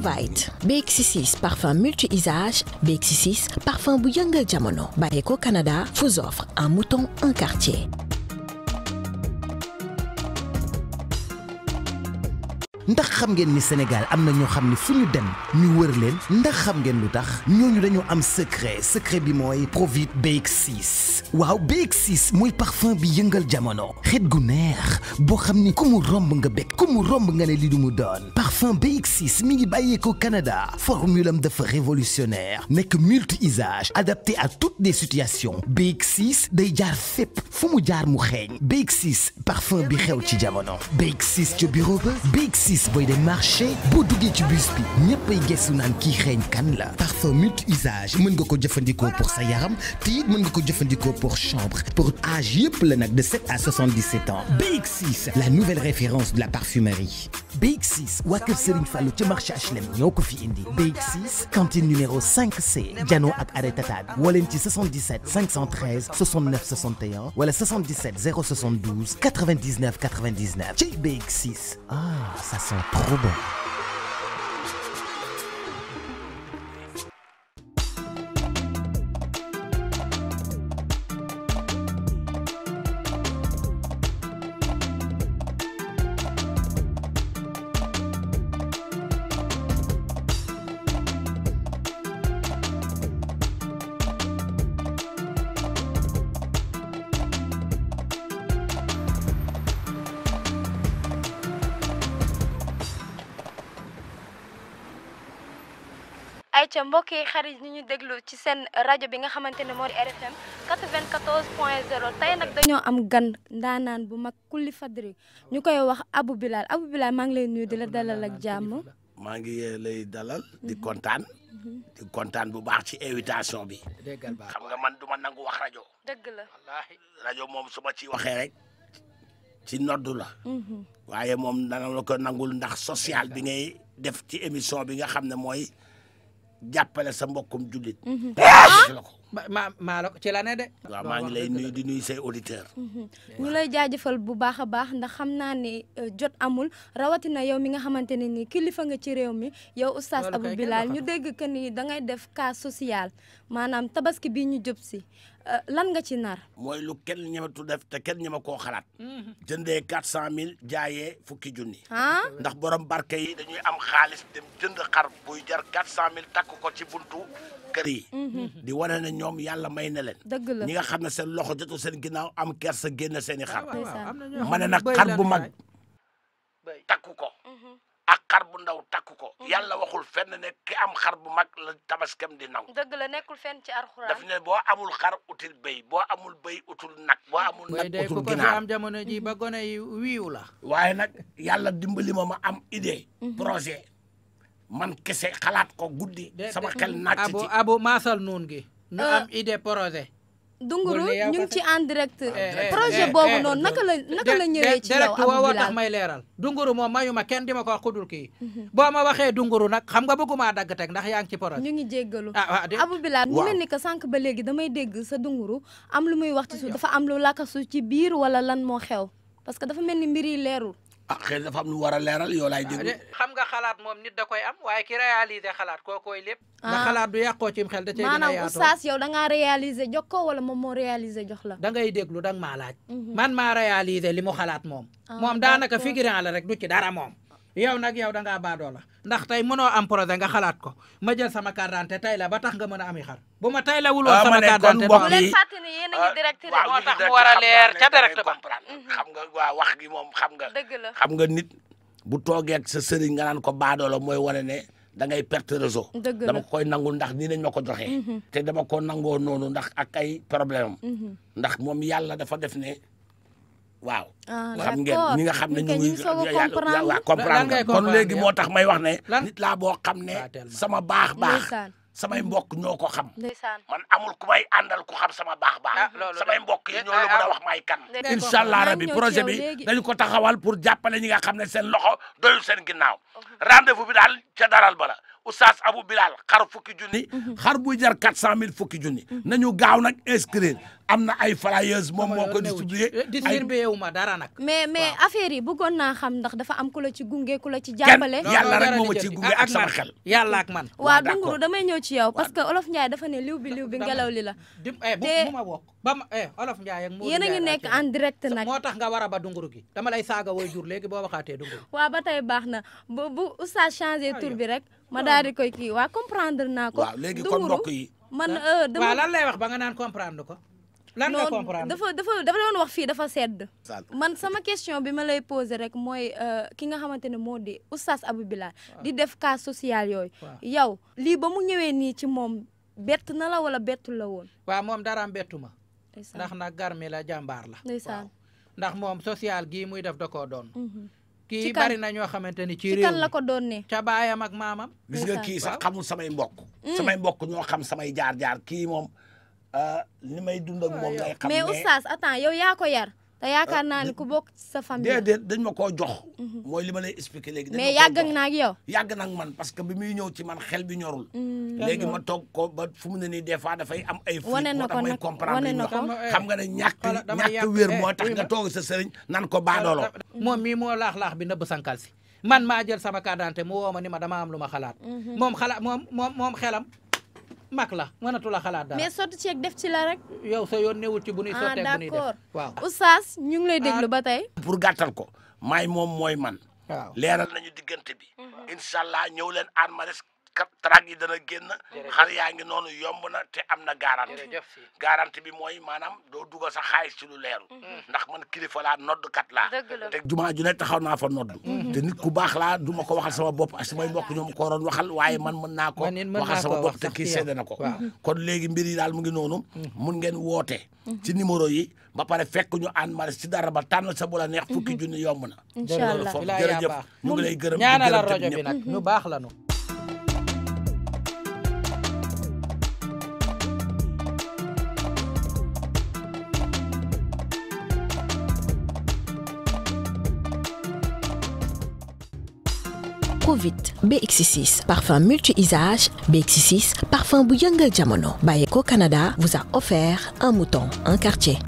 BX6 parfum multi isage BX6 parfum bu de jamono bàyyi Canada vous offre un mouton en quartier ndax xam ngeen ni Sénégal am na ñoo xam ni fu ñu dem ñu wër leen ndax xam ngeen lu tax ñooñu dañoo am secret secret bi mooy Provit BX6 waaw BX6 mooy parfum bi yëngal jamono xet gu neex boo xam ni ku mu romb nga bekk ku mu romb nga ne li du mu doon parfum BX6 mi ngi bàyyeekoo Canada formule am dafa révolutionnaire nekk multi-usage adapté à toutes les situations BX6 day jaar fépp fu mu jaar mu xeeñ BX6 parfum bi xew ci jamono BX6 ca bureau ba BX6 artiste booy dem marché boo tu ci bus bi ñëppay gëstu naan kan la parfum multi usage mën nga ko jëfëndiko pour sa yaram ti mën nga ko jëfëndiko pour chambre pour âge yépp la nak de 7 à 77 ans BX6 la nouvelle référence de la parfumerie BX6 waa kër Serigne Fallou ci marché HLM ñoko fi indi BX6 cantine numéro 5C Diano ak arrêt Tataane woo ci 77 513 69 61 wala 77 072 99 99 ci BX6 ah ça c'est trop bon. ayca mbokk yi xarit ñu ñu déglu ci seen rajo bi nga xamante ne moo RFM tey nag dañoo am gan ndaanaan bu mag kulli fadri ñu koy wax abu Bilal abu Bilal maa ngi lay nuyu di la dalal ak jàmm. maa ngi lay dalal. di kontaan. di kontaan bu baax ci invitation bi. xam nga man du ma nangu wax rajo. dëgg la wallaahi moom su ma ci waxee rek. ci noddu la. Mhm. waaye moom dana la ko nangul ndax social bi ngay def ci émission bi nga xam ne mooy. jappale lah sa mbokkum julit mhm. ah? ma ma la ci la ne de wa ma ngi lay nuy di nuy say auditeur ñu mhm. ya. lay jaajeufal bu baaxa baax ndax xamna ni eh, jot amul rawati na yow mi nga xamanteni ni kilifa nga ci rew mi yow oustaz abou bilal ñu dégg que ni da ngay def cas social manam tabaski bi ñu jëpsi Euh, lan nga ci naar mooy lu kenn ñematu def te kenn ñema koo xalaat. Mhm. jëndee quatre cent mille jaayee fukki junni. Ah? ndax borom barke yi dañuy am xaalis dem jënd xar buy jar quatre cent mille takk ko ci buntu kër yi. Mhm. di wane na ñoom yàlla may na leen. dëgg la ñi nga xam ne seen loxo jotul sen ginnaaw am kerse génne seen i xar. Ah, ma ne nag xar bu mag. xar bu ndaw takk ko mm-hmm. yàlla waxul fenn ne ki am xar bu mag la tabaskam di naw dëgg la nekkul fenn ci alxuraan def ne boo amul xar util béy boo amul béy utul nag boo mm-hmm. amul nag utul ginaar am jamono ji ba gone yi wiiw la waaye nag yàlla dimbali ma ma am idée mm-hmm. projet man kese xalaat ko guddi sama xel naaj ci abu noon gi Dunguru ñu ngi ci en direct eh, eh, projet eh, boobu noonu naka la naka la ñëwee ci yow am woowoo may leeral Dunguru moom mayu ma kenn di ma ko wax dul kii boo ma waxee Dunguru nag xam nga bëggumaa dagg teg ndax yaa ngi ci projet ñu ngi jéggalu ah Abou Bilal mu mel ni que sànq ba léegi damay dégg sa Dunguru am lu muy wax ci suuf dafa am lu lakasu ci biir wala lan moo xew parce que dafa mel ni mbir yi leerul ah xëy na dafa am lu war a leeral yoo laay déglu ah, xam nga xalaat moom nit da koy am waaye ki réaliser xalaat kookooy lépp ah. da xalaat du yàqoo cim xel da cay a yaatoo maanaam oustaz yow da ngaa réaliser jox ko wala moom la da ngay déglu da nga maa laaj mhm. man maa réaliser li mu moom ah, moom daanaka figurant la rek du ci dara moom yow nag yow dangaa baadoo la ndax tey mënoo am projet nga xalaat ko ma jël sama carte d'identité tey ba tax ga mën a ami xar bu ma tey la wuloo ah, sama carte d'identité bu leen fàtte ni yéen a ah, a leer ca ba mhm. xam nga waa wax gi moom xam nga dëgg xam nga nit bu toogee ak sa sëriñ nga naan ko baadoo la mooy wane ne da ngay perte réseau dama koy nangul ndax nii lañ ma ko joxee mhm. te dama ko nangoo noonu ndax ak ay problème mhm. ndax moom yàlla dafa def ne waaw. Ah, xam ngeen ñi nga xam ne ñu ngi waaw comprendre kon léegi moo tax may wax ne. nit laa boo xam ne ah, sama baax baax. samay mbokk ñoo ko xam. man amul ku may àndal ku xam sama baax baax. Ah, samay mbokk yi eh, ñoo la mën a wax may kan. incha allah rabi projet bi dañu ko taxawal pour jàppale ñi nga xam ne seen loxo doyul seen ginnaaw. rendez-vous bi daal ca daral bala oustaz Abou Bilal xar fukki junni. Mhm. xar bu jar quatre cent mille fukki junni. Mhm. nañu gaaw na inscrire am na ay flyers moom moo ko distribué. distribué wu ma dara nag. mais mais affaire yi bëggoon naa xam ndax dafa am ku la ci gunge ku la ci jàppale. yàlla rek moo ma ci gunge ah, ak sama xel. yàlla ak man waaw Dunguru damay ñëw ci yow. parce que olof Ndiaye dafa ne liw bi liw bi li la. te eh, bu ma bokk. ba ma eh olof Ndiaye ak. yéen a ngi nekk en direct nag moo tax nga war a ba dunguru gi dama lay saaga woy jur léegi boo waxaatee dunguru. waaw ba tey baax na bu bu oustaz changé tur bi rek ma daal di koy kii waa comprendre naa ko. waaw léegi kon mbokk yi man ah. euh, dama waaw lan lay wax ba nga naan comprendre ko. lan nga comprendre dafa dafa dafa doon wax fii dafa sedd. man sama question bi ma lay posé rek mooy euh, ki nga xamante ne moo di oustaz Abou Bilal di def cas social yooyu. yow lii ba mu ñëwee nii ci moom bett na la wala bettu la woon. waaw moom daraam bettu ma. ndax nag garmi la jàmbaar la ndax moom social gii muy def da koo doon mhm. kii bari na ñoo xamante ni ci la ko doon ne ca baayam ak maamam gis nga kii sax xamul samay mbokk mm. samay mbokk ñoo xam samay jaar-jaar kii moom euh, li may dund ak moom ngay xam mais oustaz attends yow yaa ko yar te yaakaar ah, naa ne ku bokk sa famille. déedéet dañ ma koo jox. Mhm. mooy li ma lay expliqué léegi. mais yàgg na ak yow. yàgg na ak man parce que bi muy ñëw ci man xel bi ñorul. Mm, léegi ma toog ko ba fu mu ne nii des fois dafay am ay. wane na ko nag wane na ko xam nga ne eh, ñàkk ñàkk wér eh, moo tax nga toog sa sëriñ nan ko baadoolo. moom mii moo laax laax bi nëbb sankal si man maa jël sama carte d'identité mu woo ma ni ma dama am lu ma xalaat. Mhm. moom xalaat moom moom moom xelam. mag la mënatu la xalaat dara. mais sotti ceeg def ci la rek. yow sa yoon newul ci bu nuy ah, sottee bu nuy def ah d' accord oustaz ñu ngi lay ah. déglu ba tey. pour gàttal ko maay moom mooy man. waaw leeral nañu diggante bi. Mhm. incha allah ñëw leen Hann Maristes kat trang yi dana génn xar yaa ngi noonu yomb na te am na garanti garanti bi mooy maanaam doo dugal sa xaalis ci lu leeru mhm. ndax man kilifa laa nodd kat laa te jumaa ju ne taxaw naa fa nodd mhm. te nit ku baax laa du ma ko waxal sama bopp ak samay mbokk ñoom ko roon waxal waaye man mën naa ko waxal sama bopp te kii seede na ko mhm. kon léegi mbir yi daal mu ngi noonu mun ngeen woote si numéro yi ba pare fekk ñu ànd mari si dara ba tànn sa bu la neex fukki junni yomb na incha allah foofu lay gërëm ñaanal rajo bi nag ñu baax la ñu Provit BX6 parfum multi-usage BX6 parfum Bouyanga de jamono Bayeko Canada vous a offert un mouton un quartier